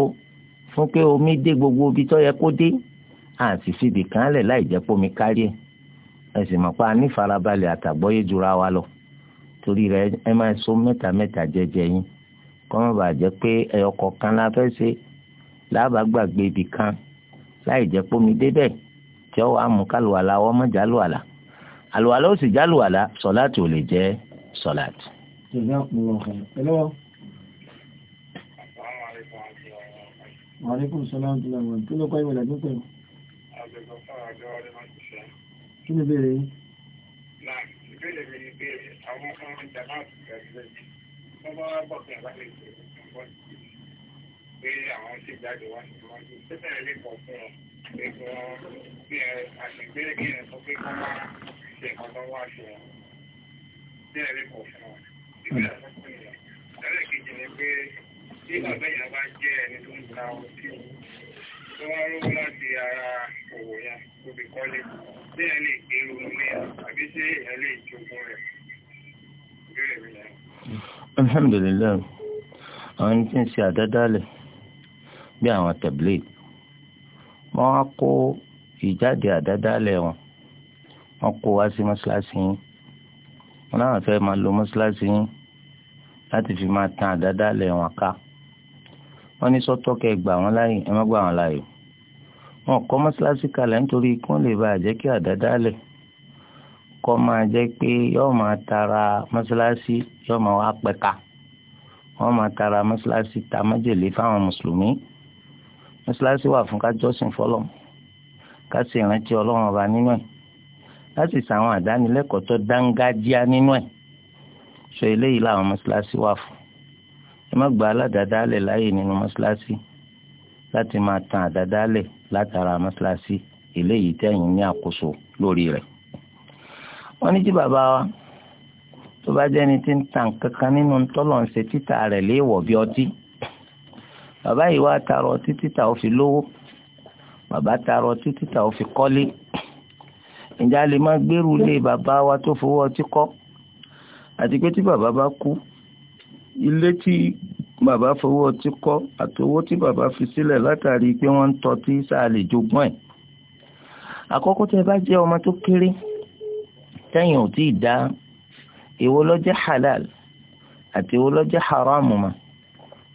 fún pé omi dé gbogbo ibi tó yẹ kó dé àti fìdí kan lẹ̀ láì jẹ́ pómi kárí ẹ̀ ẹ sì mọ̀ pé a ní farabalẹ̀ àtàgbọ́yé jura wa lọ torí rẹ̀ ẹ máa so mẹ́ta mẹ́ta jẹ́jẹ́ yín kọ́mọ̀ bàjẹ́ pé ẹyọ kọ̀ọ̀kan la fẹ́ ṣe láàbà gbàgbé ibì kan láì jẹ́ pómi débẹ̀ tí ó wàá mú kálùwàlà ọwọ́ mọ́ jálùwàlà àlùwàlà ó sì jálùwàlà sọ̀láàtì ò lè jẹ́ sọ̀láàtì. Wàlékún sọ́lá ń tilẹ̀ Kí ló kọ́ ìwọ̀lẹ̀ nípa ẹ̀wọ̀n? Àgbẹ̀gbọ́n fún àjọ ọdún máa ń ṣiṣẹ́. Kí ni ìbéèrè yín? Náà ìbéèrè mi ni pé àwọn ọmọ ìjàmbá àti ìgbàgbé wọ́n bá àbálẹ̀ ìṣẹ̀lẹ̀ ìṣẹ̀lẹ̀ pé àwọn ṣì jáde wá sí wọn tó bẹ̀rẹ̀ lè pọ̀ fún wọn pé kí wọ́n bí ẹ àṣìgbére kí ẹ sọ pé kí wọ́n máa ṣe nǹkan tó wá ṣe wọn bẹ̀rẹ̀ lè pọ̀ fún wọn ìgbéra tó kún ìyẹn ẹ̀rẹ́ kejì ni pé tí bàbá yẹn bá jẹ́ ẹni tó ń ta ọtí tó wá rówó láti ara òwò yẹn tó kọ́lé bí lè gbé irun ní àbí ṣé ẹ lè jogún rẹ̀ alhamdulilayi àwọn ẹni tí ń ṣe àdádálẹ̀ bí àwọn tablet wọ́n á kó ìjáde àdádálẹ̀ wọn wọ́n kó wá sí mọ́ṣáláṣí yín wọ́n náà fẹ́ máa lo mọ́ṣáláṣí yín láti fi máa tan àdádálẹ̀ wọn ká wọ́n ní sọ́tọ́ kẹ́ gbà wọ́n láàyè ẹ má gbà wọ́n láàyè wọn kọ́ mọ́ṣáláṣí kalẹ̀ nítorí kí wọ́n lè bá àjẹ́ kí kọ́ máa jẹ́ pé yọ́ọ́ máa tara mọ́ṣáláṣí yọ́ọ́ máa wá pẹ̀ka wọ́n máa tara mọ́ṣáláṣí ta májèlé fáwọn mùsùlùmí mọ́ṣáláṣí wà fún kájọ́sìn fọlọ́ ká sì rántí ọlọ́run ọba nínú ẹ̀ láti sàwọn àdánilẹ́kọ̀ọ́ tó dángájíá nínú ẹ̀ sọ eléyìí làwọn mọ́ṣáláṣí wà fún ẹ má gba aládàádálẹ̀ láàyè nínú mọ́ṣáláṣí láti máa tan àdàádálẹ̀ látara mọ́ṣáláṣí eléyìí tẹ̀yìn ní àkóso lórí rẹ̀ wọ́n ní tí bàbá wa tó bá jẹ́ ẹni tí ń ta nǹkan kan nínú tọ́lọ̀ ń ṣe títà rẹ̀ léèwọ̀ bí ọtí bàbá yìí wá tarọ ọtí títà ó fi lówó bàbá tarọ ọtí títà ó fi kọ́lé ǹjẹ́ a lè máa gbèrú lé bàbá wa tó fowó ọtí kọ́ àti pé tí bàbá bá kú ilé tí bàbá fowó ọtí kọ́ àti owó tí bàbá fi sílẹ̀ látàrí pé wọ́n ń tọ́tí sáà lè jogún ẹ̀ àkọ́kọ́ tẹ́ bá jẹ́ ọmọ tó kéré tẹ́yìn ò tí ì dá èwo ló jẹ́ halal àti èwo ló jẹ́ haram ma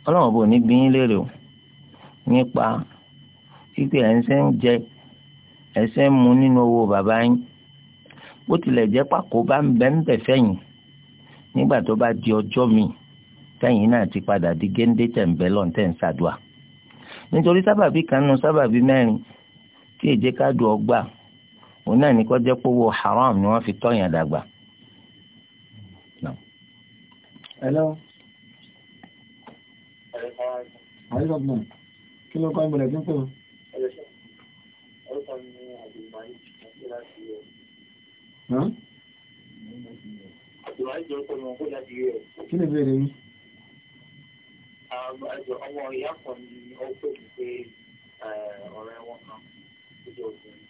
ọlọ́run bò ní bí yín léèrè o nípa pípé ẹ̀ńsẹ̀ ń jẹ ẹ̀ńsẹ̀ ń mu nínú owó bàbá yín bó tilẹ̀ jẹ́ pàkó bá ń bẹ́ ń bẹ̀ fẹ́yìn nígbà tó bá di ọjọ́ mi tẹ́yìn náà ti padà di géńdé tẹ̀m̀bẹ́ lọ́n nítorí sábàbí kan nu sábàbí mẹ́rin tí èjẹ́ ká du ọgbà òun náà ní kó jẹ́ pé owó haram ni wọ́n fi tọ́yàn dàgbà. hello. àyíká gbọ̀n kí ló kọ́ ìbẹ̀rẹ̀ fún pẹ̀lú. kí ni ìbéèrè yìí. ọmọ ìyá kan ni ó pè pé ọ̀rẹ́ wọn kan tó jẹ́ obìnrin.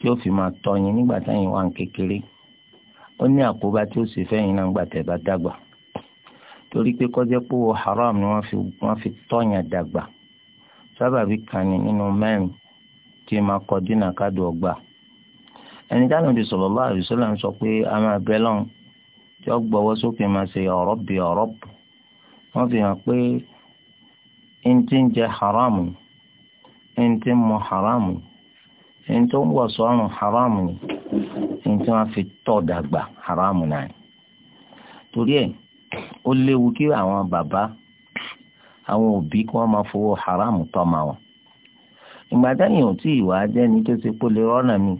tí ó fi máa tọ́ yín nígbà táyìn wà ń kékeré ó ní àkóbá tí ó sì fẹ́yìn náà gbà tẹ̀ bá dàgbà torí pé kọjá pòwò haram ni wọ́n fi wọ́n fi tọ́yàn dàgbà sábàbí kan ní nínú mẹ́rin tí máa kọ dínà kádùn ọgbà ẹni táwọn ti sọ̀rọ̀ bá àbísọ́lá ń sọ pé a máa bẹ́ lọ́hùn tí ó gbọ́wọ́ sókè máa ṣe ọ̀rọ̀ bí ọ̀rọ̀ wọ́n fi hàn pé ń ti ń jẹ haram ń ti ń mu haram ẹni tó ń wọ̀ sọ́rùn haramu ni ẹni tí wọ́n fi tọ́ dàgbà haramu náà ni torí ẹ̀ ó léwu kí àwọn bàbá àwọn òbí kí wọ́n máa fowó haramu tọ́ ma wọn ìgbà dáyìn ò tí ìwà ajẹ́ni tó ti kó lè rọ́nà mi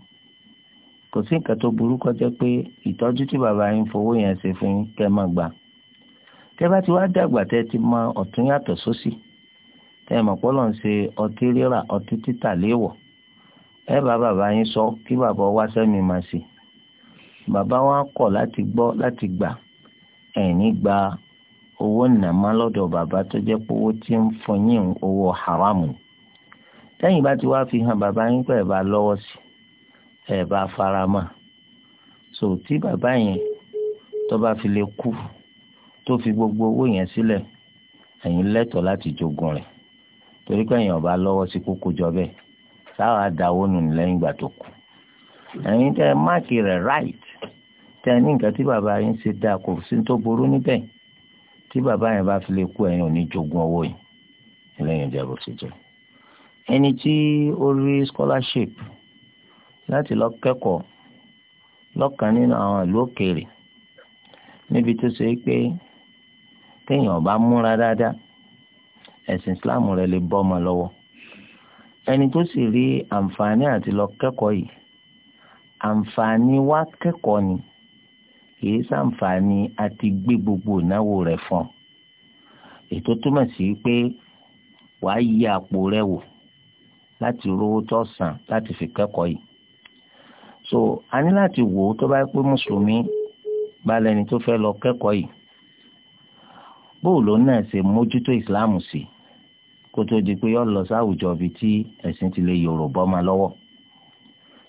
kò sí nǹkan tó burú kọjá pé ìtọ́jú tí bàbá yín fowó yẹn ṣe fún yín kẹ́ máa gbà tẹ́ bá ti wá dàgbà tẹ́ ti mọ ọ̀tún yàtọ̀ sósì tẹ́ mọ̀ ń ṣe ọtí rírà ọtí títà léèwọ̀ ẹ bá bàbá yín sọ kí bàbá wá sẹ́mi máa ṣe bàbá wa kọ̀ láti gbọ́ láti gbà ẹ̀ní gba owó nàmá lọ́dọ̀ bàbá tó jẹ́ pé owó tí ń fún yín owó haramu tẹ́yìn bá ti wá fi hàn bàbá yín pé bá lọ́wọ́ sí ẹ̀ bá fara so tí bàbá yẹn tó bá fi lè kú tó fi gbogbo owó yẹn sílẹ̀ ẹ̀yin lẹ́tọ̀ọ́ láti jogun rẹ̀ torí pé ẹ̀yin ò lọ́wọ́ sí kókó jọ bẹ́ẹ̀ sáwà dáwọ́ nù lẹ́yìn ìgbà tó kù ẹ̀yin tẹ́ máàkì rẹ̀ right tẹ́ ní nǹkan tí bàbá yín ṣe dáa kò sí tó burú níbẹ̀ tí bàbá yẹn bá fi lè kú ẹ̀yin ò ní jogún owó yìí ẹlẹ́yìn ìjà bó ti jẹ́ ẹni tí ó rí scholarship láti lọ kẹ́kọ̀ọ́ lọ́kàn nínú àwọn ìlú òkèèrè níbi tó ṣe pé téèyàn bá múra dáadáa ẹ̀sìn Islam rẹ̀ lè bọ́ ọmọ lọ́wọ́ ẹni tó sì rí àǹfààní àti lọ kẹ́kọ̀ọ́ yìí àǹfààní wá kẹ́kọ̀ọ́ ni kìí sàǹfààní àti gbé gbogbo ìnáwó rẹ̀ fún ètò túmọ̀ sí pé wàá yí àpò rẹ̀ wò láti rówó tó san láti fi kẹ́kọ̀ọ́ yìí so a ní láti wò ó tó bá pé mùsùlùmí bá lẹni tó fẹ́ lọ kẹ́kọ̀ọ́ yìí bóòlù náà ṣe mójútó ìsìláàmù sí i kó tó di pé yọ lọ sáwùjọ bíi tí ẹ̀sìn ti lè yòrò bọ́ ma lọ́wọ́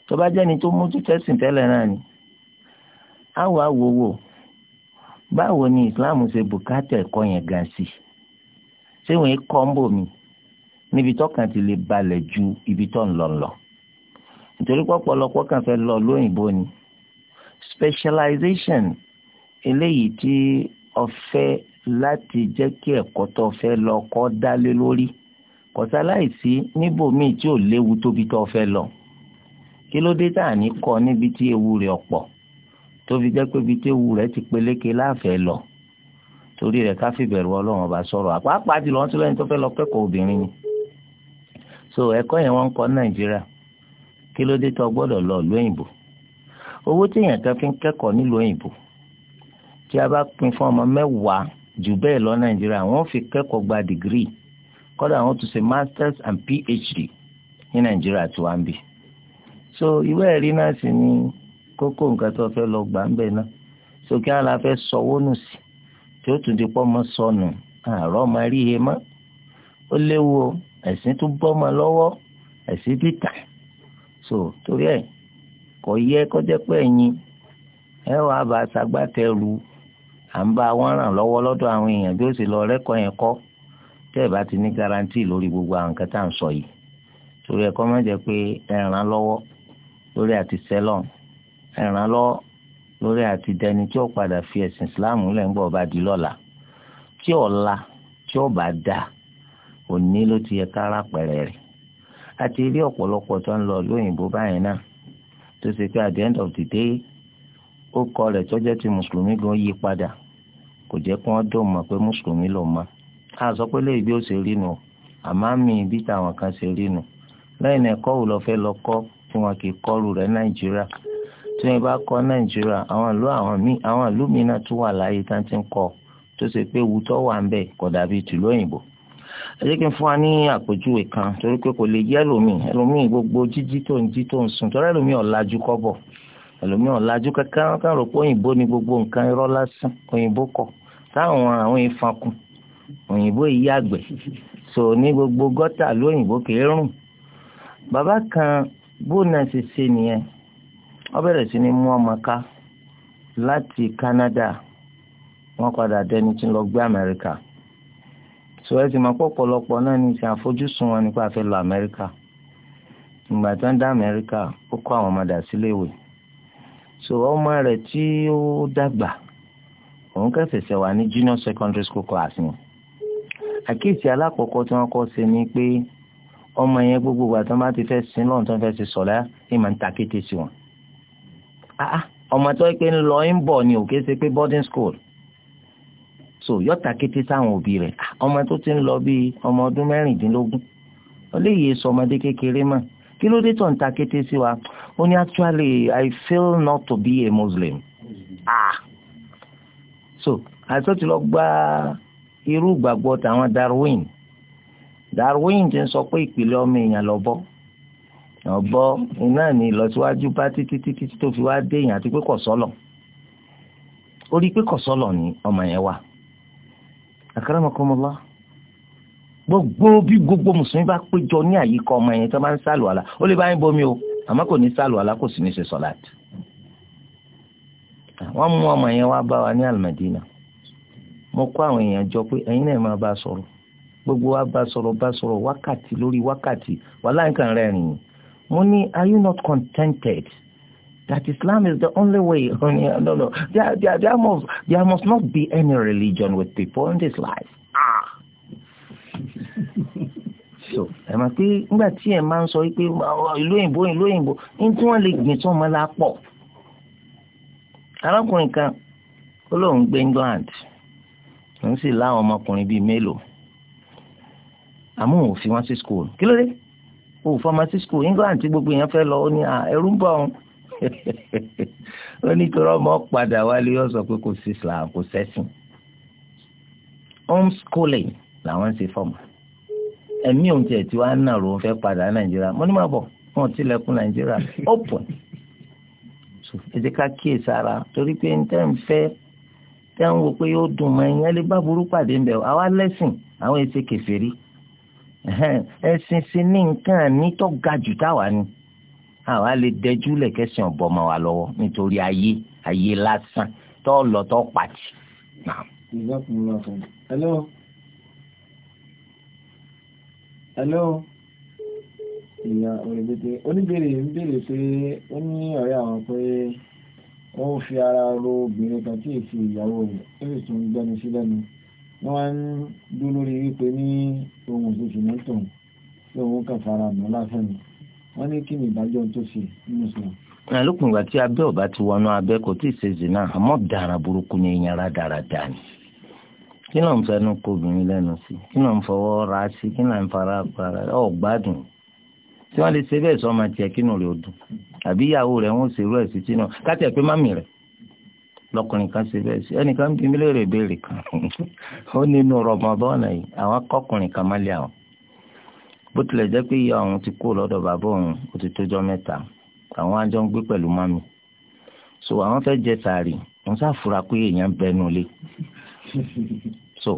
tó bá jẹ́ni tó mójú tẹ́sìn tẹ́lẹ̀ náà ni àwọ̀ àwòwò báwo ni Islam ṣe bùkátà ẹ̀kọ́ yẹn gan sí ṣé wọ́n kọ́ ń bò mí níbi tọ́kàn ti lè balẹ̀ ju ibi tó ń lọ lọ nítorí pọ̀pọ̀lọpọ̀ kan fẹ́ lọ lóyìnbó ni specialization eléyìí tí ọ̀fẹ́ láti jẹ́ kí ẹ̀kọ́ tó fẹ́ lọ kọ́ dálé lórí kọ̀tà láìsí níbòmíì tí ò léwu tóbi tó fẹ́ lọ kí ló dé tá à ní kọ́ níbi tí ewu rẹ̀ ọ̀pọ̀ tó fi jẹ́ pé ibi tí ewu rẹ̀ ti peléke láàfẹ́ lọ torí rẹ̀ ká fìbẹ̀rù ọlọ́run ọba sọ̀rọ̀ àpáàpá jùlọ wọn ti lọ́yìn tó fẹ́ lọ kẹ́kọ̀ọ́ obìnrin ni so ẹ̀kọ́ yẹn wọ́n ń kọ́ nàìjíríà kí ló dé tó gbọ́dọ̀ lọ lóyìnbó owó téèyàn kan fi ń kẹ́kọ̀ọ́ nílùú òyìnbó tí a bá pín fún ọmọ mẹ́wàá jù bẹ́ẹ̀ kẹ́kọ̀ọ́ gba kọ́dà àwọn tún ṣe masters and phd ní nàìjíríà tí wàá ń bì so ìwé ẹ̀rí náà sì ni kókó nǹkan tó fẹ́ lọ gbà ń bẹ̀ náà so kí wọn la fẹ́ sọwọ́ nù sí tí ó tún di pọ́ mọ́ sọnù àárọ̀ máa rí he mọ́ ó léwu o ẹ̀sìn tún bọ́ mọ́ lọ́wọ́ ẹ̀sìn bìtà so torí ẹ̀ kò yẹ kọjá pé ẹ̀yin ẹ wà bá aṣagbátẹrù à ń bá wọn ràn lọ́wọ́ lọ́dọ̀ àwọn èèyàn bí ó sì lọ rẹ́kọ̀ọ́ yẹn kọ́ tẹ́ ẹ̀ bá ti ní garanti lórí gbogbo àwọn nǹkan tá à ń sọ yìí torí ẹ̀kọ́ má jẹ́ pé ẹ ràn lọ́wọ́ lórí àti sẹ́lọ̀n ẹ lọ́wọ́ lórí àti dẹni tí ó padà fi ẹ̀sìn Islam lẹ̀ ń bọ̀ bá di lọ́la tí ọ̀la tí ó bá dà òní ló ti yẹ kára pẹ̀rẹ̀ rẹ̀ àti rí ọ̀pọ̀lọpọ̀ tó ń lọ lóyìnbó báyìí náà tó ṣe pé at the end of the day ó kọ rẹ̀ tó jẹ́ ti mùsùlùmí gan yí padà kò jẹ́ kí wọ́n dùn mọ́ pé mùsùlùmí ló mọ́ a sọ pé lè bí ó ṣe rí nu àmọ́ àmì bí tàwọn kan ṣe rí nu lẹ́yìn ẹ̀kọ́ wò lọ fẹ́ lọ kọ́ tí wọn kì í kọ́rù rẹ̀ nàìjíríà tí wọn bá kọ́ nàìjíríà àwọn ìlú àwọn míì àwọn ìlú míì náà tún wà láyé tá ti ń kọ́ tó ṣe pé wùtọ́ wà ń bẹ̀ kò dàbí tìlú òyìnbó ẹ jẹ́ kí n fún wa ní àpèjúwe kan torí pé kò lè yé ẹlòmíì ẹlòmíì gbogbo jíjí tó ń jí tó ń sùn torí ẹlòmíì ọ̀làjú kọ́ bọ̀ ẹlòmíì ọ̀làjú kankan kan rò pé òyìnbó ni gbogbo nǹkan irọ́ lásán òyìnbó kọ̀ táwọn àwọn ìfankun òyìnbó yìí so ní gbogbo gọ́tà lóyìnbó kìí rùn bàbá kan bóun náà ṣe ṣe nìyẹn ó bẹ̀rẹ̀ sí ní mú ọmọ ká láti Canada wọ́n padà dẹni tí ń lọ gbé Amẹ́ríkà so ẹ sì máa pọ̀ pọ̀lọpọ̀ náà ní ìsìn àfojúsùn wọn nípa àfẹ́ lọ Amẹ́ríkà ìgbà tó ń dá Amẹ́ríkà ó kọ́ so ọmọ rẹ̀ tí ó dàgbà òun kẹsẹ̀sẹ̀ wà àkíyèsí alákọ̀ọ́kọ́ tí wọ́n kọ́ sí ni pé ọmọ yẹn gbogbo ìgbà tó bá ti fẹ́ sin lọ́n tó fẹ́ ti sọ̀lá ní màá ń ta kété sí wọn. Ah, ah, ọmọ tó pé ń lọ ń bọ̀ ni òkè ṣe pé boarding school so yọta kété sáwọn òbí rẹ̀ ah, ọmọ tó ti ń lọ bíi ọmọ ọdún mẹ́rìndínlógún ó lè yé sọmọdé kékeré mọ́ kí ló dé tó ń ta kété sí wa ó ní actually I feel not to be a Muslim. Ah. so àìsàn ti lọ gbá. Gba irú gbàgbọ́ tàwọn Darwin Darwin ti ń sọ pé ìpìlẹ̀ ọmọ èèyàn lọ́bọ́ ọ̀bọ iná ní ìlọsíwájú bá títí títí tó fi wá dé èèyàn àti pé kò sọ́lọ̀ orí pé kò sọ́lọ̀ ni ọmọ yẹn wà àkàràmọ́kọ́mọ́lá gbogbo bí gbogbo mùsùlùmí bá péjọ ní àyíká ọmọ yẹn tó máa ń sálù àlá ó lè bá yín bomi o àmọ́ kò ní sálù àlá kò sì ní ṣe sọ̀láàtì wọ́n mú ọmọ yẹn wá bá wa ní Al-Madina mo kó àwọn èèyàn jọ pé ẹ̀yin náà máa bá a sọ̀rọ̀ gbogbo wa bá a sọ̀rọ̀ bá a sọ̀rọ̀ wákàtí lórí wákàtí wàhálà nǹkan rẹ̀ nìyí mo ní are you not contented that Islam is the only way no no there, there, there, must, there must not be any religion with people in this life. Ah. so ẹ máa pé nígbà tí ẹ máa ń sọ pé ìlú òyìnbó ìlú òyìnbó ní tí wọ́n lè gbìn tí wọ́n máa la arákùnrin kan ó lóun gbé England òun sì láwọn ọmọkùnrin bíi mélòó àmọ́ òun ò fi wọ́n sí school kí ló dé òun fọmọ sí school England tí gbogbo èèyàn fẹ́ lọ ó ní ẹ̀rú ń bọ̀ òun ó ní torí ọmọ padà wálé ó sọ pé kò sí Islam kò sẹ́sìn homeschooling làwọn ń ṣe fọmọ ẹ̀mí òun tiẹ̀ tí wàá nà lòun fẹ́ padà Nàìjíríà mo ní máa bọ̀ wọn ò tilẹ̀kùn Nàìjíríà open ẹ jẹ́ ká kíyèsára torí pé n tẹ́ ń fẹ́ tẹ́ ń wò pé yóò dùn mọ́ ẹ̀yìn ẹ lè bá burú pàdé ń bẹ̀ ọ́ àwa lẹ́sìn àwọn èsì kèfèrí ẹ̀sìn sí ní nǹkan nítọ́ ga jù táwa ni àwa lè dẹjú lẹ̀kẹ́sìn ọ̀bọ̀ mọ́ wa lọ́wọ́ nítorí ayé ayé lásán tọ́ lọ tọ́ pàtì. Hello. Hello ìyá òrìbìtì oníbèrè ń bèrè pé ó ní ọ̀rẹ́ àwọn pé ó fi ara ro obìnrin kan tí èsì ìyàwó rẹ̀ ó sì tún gbẹ́nu sí lẹ́nu wọ́n wá ń dú lórí wípé ní ohun tó ṣùgbọ́n tòun tí òun kà fara mọ́ lásán ni wọ́n ní kí ni ìdájọ́ tó ṣe nínú Islam. lópin ìgbà tí abẹ́ ọ̀bá ti wọnú abẹ́ kò tí ì ṣe zina àmọ́ dára burúkú ni èèyàn ra dáradára ni kí ló ń fẹnu kó obìnrin lẹ́nu sí kí ló ń fọwọ́ ra sí kí ló ń fara para ọ̀gbádùn tí wọ́n lè ṣe bẹ́ẹ̀ sọ ọmọ tiẹ̀ kínú rẹ̀ ó dùn àbí ìyàwó rẹ̀ wọ́n ṣèrú ẹ̀ sí tínú káàtì ẹ̀ pé mami rẹ̀ lọkùnrin kan ṣe bẹ́ẹ̀ sí ẹnìkan ń bímí léèrè béèrè kan ó nínú rọmọbọ́ọ̀nà yìí àwọn akọkùnrin kan má lé àwọn bó tilẹ̀ jẹ́ pé ìyá òun ti kú lọ́dọ̀ bàbá òun ó ti tójọ́ mẹ́ta àwọn àjọ ń gbé pẹ̀lú mami so àwọn fẹ́ jẹ sàárì wọ́n sáfura pé èèyàn ń bẹnu lé so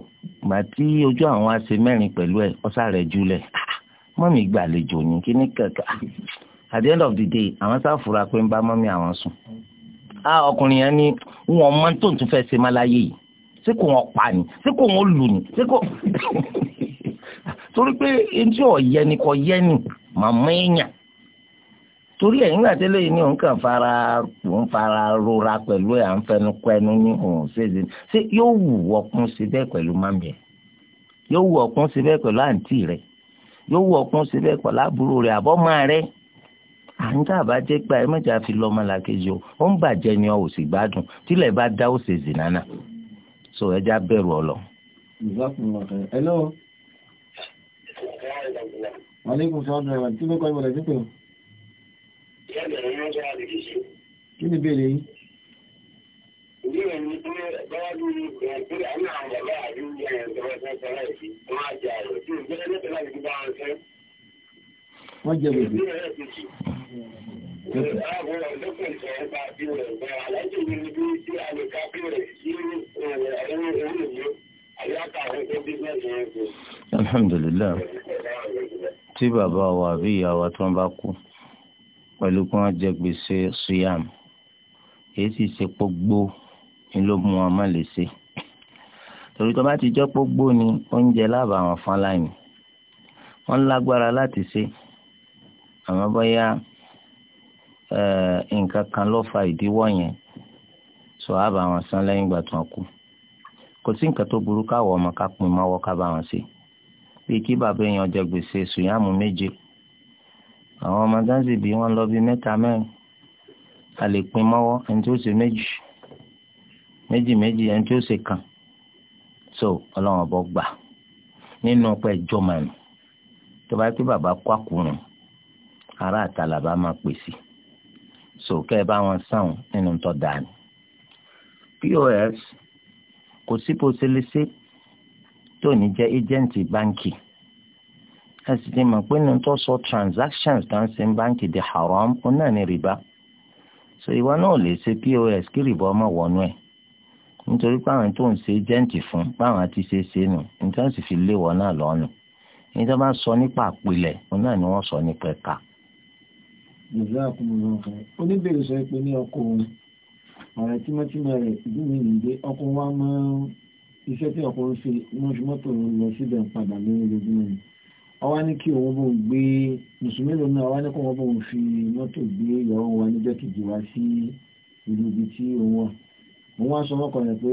gbà tí ojú àwọn á ṣe mẹ́rin pẹ̀lú ẹ̀ ọ́sà rẹ̀ júlẹ̀ mọ́mí gbàlejò ní kíní kankan ah, at the end of the day àwọn sáfùrà pé ń bá mọ́mí àwọn sùn. a ah, ọkùnrin yẹn ní wọn mọ tó tún fẹ́ ṣe má láyé yìí ṣé kò wọn pa ni ṣé kò wọn lù ni ṣé kò torí pé etí ọ̀yẹ́ ni kò yẹ́ ni màmá èèyàn torí ẹ̀ nígbà tẹ́lẹ̀ yìí ni òun kàn fara òun fara rora pẹ̀lú ẹ̀ à ń fẹnu kẹnu ní òun ṣèṣe ṣé yóò wù ọkùn síbẹ̀ pẹ̀lú mami ẹ̀ yóò wù ọkùn síbẹ̀ pẹ̀lú àǹtí rẹ̀ yóò wọ ọkùn síbẹ̀ pọ̀ láàbúrò rẹ̀ àbọ́mọ rẹ̀ à ń tá a bá jẹ́ gbà ẹ mọ̀jà fi lọ́mọ làkejì o ó ń bàjẹ́ ni ọ ò sì gbádùn tílẹ̀ bá dá ó ṣe zìnnà náà so ẹja bẹ̀rù ọ lọ. hello. maaleykum salaam ọ̀rọ̀ tí mo kọ́ ìbọ̀lẹ̀ sípò. kí ni ìbéèrè yìí. ìbéèrè mi pé báyà bí ìbéèrè àwọn wọ́n jẹ gbogbo. alhamdulilayi tí bàbá wa àbí ìyá wa tó ń bá kú pẹ̀lú kí wọ́n jẹ gbèsè suyam èyí sì ṣe pọ́ gbó ni ló mú wọn má lè ṣe torí tó bá ti jọ́ pógbó ni oúnjẹ lábàá wọn fún aláìní wọ́n lágbára láti ṣe àmọ́ bóyá eh, nǹkan kan ló fa ìdíwọ́ yẹn sọ àbá wọn san lẹ́yìn ìgbà tó ń kú kò sí nǹkan tó burú káwọ́ ọmọ ká pin mọ́wọ́ ká bá wọn ṣe bí kí bàbá èèyàn jẹ gbèsè sùnyàmù méje àwọn ọmọ gánsì bí wọ́n lọ bí mẹ́ta mẹ́rin a lè pin mọ́wọ́ ẹni tó ṣe méjì méjì méjì ẹni tó ṣe kàn so ọlọ́run ọbọ̀ gbà nínú ọpẹ́ jọmọ̀nù tó bá pé bàbá kó àkùrùn ará àtàlàbà máa pèsè so kẹ́ ẹ bá wọn sáwọn nínú tọ́ dání pos kò sí bó ṣe lè ṣe tó ní jẹ́ ẹjẹ́ǹtì báńkì ẹ sì ti mọ̀ pé nínú tó sọ transactions tó ń ṣe báńkì di haram ó náà ní rìbá so ìwọ náà lè ṣe pos kí rìbá ọmọ wọnú ẹ̀ nítorí pé àwọn tó ń ṣe jẹ́ǹtì fún báwọn ti ṣe ṣe nù nítorí sì fi léwọ náà lọ́nu ní tó bá sọ nípa àpilẹ̀ òun náà ni wọ́n sọ nípa ẹ̀ka. ìlú àkùnrin ọ̀fẹ́ oníbèrè sọ pé ní ọkọ òun ọ̀rẹ́ tímọ́tímọ́ rẹ̀ ìlú mi nìgbé ọkọ wa máa ń iṣẹ́ tí ọkọ ń ṣe wọ́n mọ́tò òun lọ síbẹ̀ ń padà lórí ojoojúmọ́ ni ọwá ní kí òun bóun gbé mùsùlùmí lòun náà ọwá ní kí òun bóun fi mọ́tò gbé ìyàwó wa níjọ́ kejì wá sí ìlú ibi tí òun wà mo wá ń sọ mọ́kàn rẹ̀ pé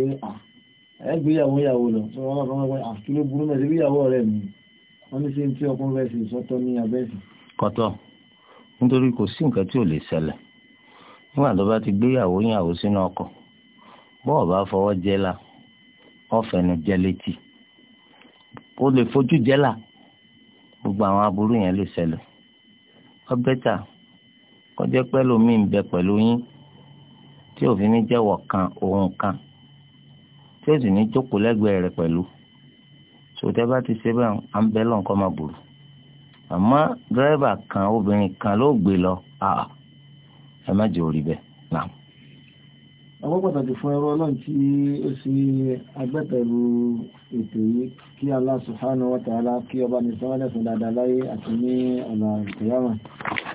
ẹgbéyàwó yàwó lọ tí wọ́n lọ́kọ́ mọ́kàn àti ló burú mẹ́sí bíyàwó rẹ̀ mi wọ́n ní sí tí ọkùnrin rẹ̀ sì sọ́tọ́ ní abẹ́sì. kọ́tọ̀ nítorí kò sí nǹkan tí ò lè ṣẹlẹ̀ nígbà tó bá ti gbéyàwó yàwó sínú ọkọ̀ bọ́ọ̀ bá fọwọ́ jẹ́la ọ̀fẹ́nu jẹ́ létí ó lè fojú jẹ́la gbogbo àwọn aburú yẹn lè ṣẹlẹ̀ ọ bẹ́tà kọjá pẹ́ lómi ń bẹ pẹ̀lú yín tí òfin ní jẹ́wọ́ kan òun kan tí ó sì ní jókòó lẹ́gbẹ̀ẹ́ rẹ̀ pẹ̀lú sòtẹ́ bá ti ṣe bẹ́ẹ̀ à ń bẹ́ lọ́n kọ́ máa burú àmọ́ dírẹ́bà kan obìnrin kan ló gbé lọ ẹ má jẹ́ orí bẹ́ẹ̀ náà. ọwọ́ pàtàkì fún ẹrú ọlọ́run tí ó sì agbẹ́tẹ̀rù ètò yìí kí Allah subhanahu wa ta'ala kí ọba nìsanwó lẹ́sùn dáadáa láyé àti ní ọ̀nà ìkẹyàmọ̀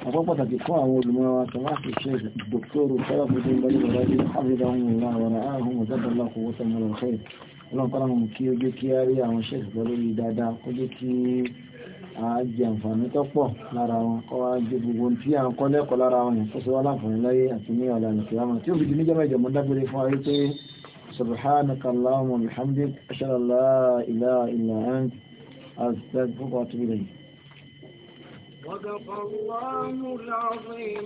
ọ̀pọ̀ pàtàkì fún àwọn olùmọ́wà tàbí ṣe dòktóró tọ́lápùdín bá nígbà rájí àbídá ohun ìlà àwọn ààrùn òjádàlá kò wọ́sàn mọ́rọ̀ ọ̀fẹ́ ọlọ́pàá mú kí ó gbé kí á rí àwọn ṣe ìgbọ́ lórí dáadáa ó jẹ́ kí a jẹ àǹfààní tó pọ̀ lára wọn kọ́ wá jẹ gbogbo tí à ń kọ́ lẹ́kọ̀ọ́ lára wọn yẹn fọ́sọ́ láǹfààní láyé صدق الله العظيم